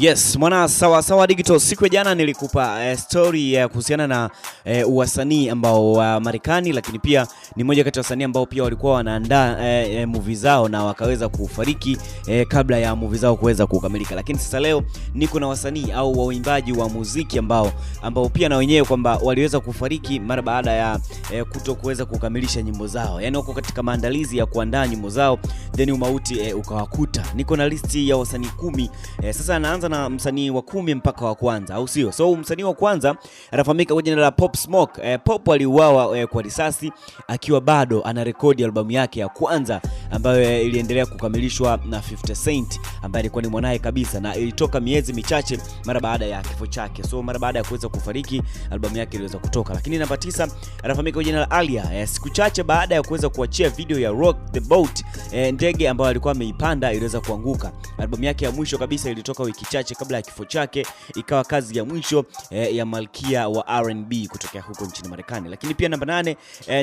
Yes, mwana sawa sawa digital. Siku ya jana nilikupa eh, story ya eh, kuhusiana na eh, wasanii ambao wa uh, Marekani, lakini pia ni moja kati ya wasanii ambao pia walikuwa wanaandaa eh, eh, movie zao na wakaweza kufariki eh, kabla ya movie zao kuweza kukamilika. Lakini sasa leo niko na wasanii au waimbaji wa muziki ambao ambao pia na wenyewe kwamba waliweza kufariki mara baada ya eh, kuto kuweza kukamilisha nyimbo zao, yaani wako katika maandalizi ya kuandaa nyimbo zao then umauti eh, ukawakuta. Niko na listi ya wasanii kumi eh, sasa naanza tunaanza na msanii wa kumi mpaka wa kwanza, au sio? So msanii wa kwanza anafahamika kwa jina la Pop Smoke. Eh, Pop aliuawa eh, kwa risasi akiwa bado ana rekodi albamu yake ya kwanza ambayo eh, iliendelea kukamilishwa na 50 Cent ambaye alikuwa ni mwanaye kabisa, na ilitoka miezi michache mara baada ya kifo chake. So mara baada ya kuweza kufariki, albamu yake iliweza kutoka. Lakini namba tisa anafahamika kwa jina la Alia. Eh, siku chache baada ya kuweza kuachia video ya Rock the Boat, eh, ndege ambayo alikuwa ameipanda iliweza kuanguka. Albamu yake ya mwisho kabisa ilitoka wiki chache kabla ya kifo chake, ikawa kazi ya mwisho ya malkia wa R&B kutokea huko nchini Marekani. Lakini pia namba nane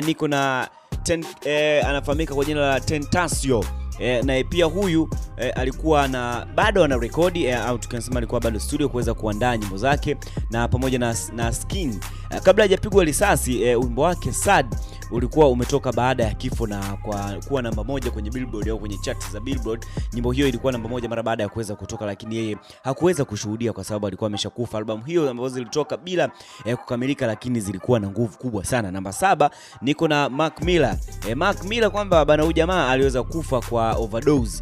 niko na ten, eh, anafahamika kwa jina la Tentasio. E, naye pia huyu e, alikuwa na bado ana rekodi e, eh, au tukisema alikuwa bado studio kuweza kuandaa nyimbo zake na pamoja na, na skin. E, kabla hajapigwa risasi e, wimbo wake sad ulikuwa umetoka baada ya kifo na kwa kuwa namba moja kwenye Billboard au kwenye charts za Billboard. Nyimbo hiyo ilikuwa namba moja mara baada ya kuweza kutoka, lakini yeye hakuweza kushuhudia kwa sababu alikuwa ameshakufa. Albamu hiyo ambazo zilitoka bila eh, kukamilika, lakini zilikuwa na nguvu kubwa sana. Namba saba niko na Mac Miller eh, Mac Miller kwamba bana, huyu jamaa aliweza kufa kwa overdose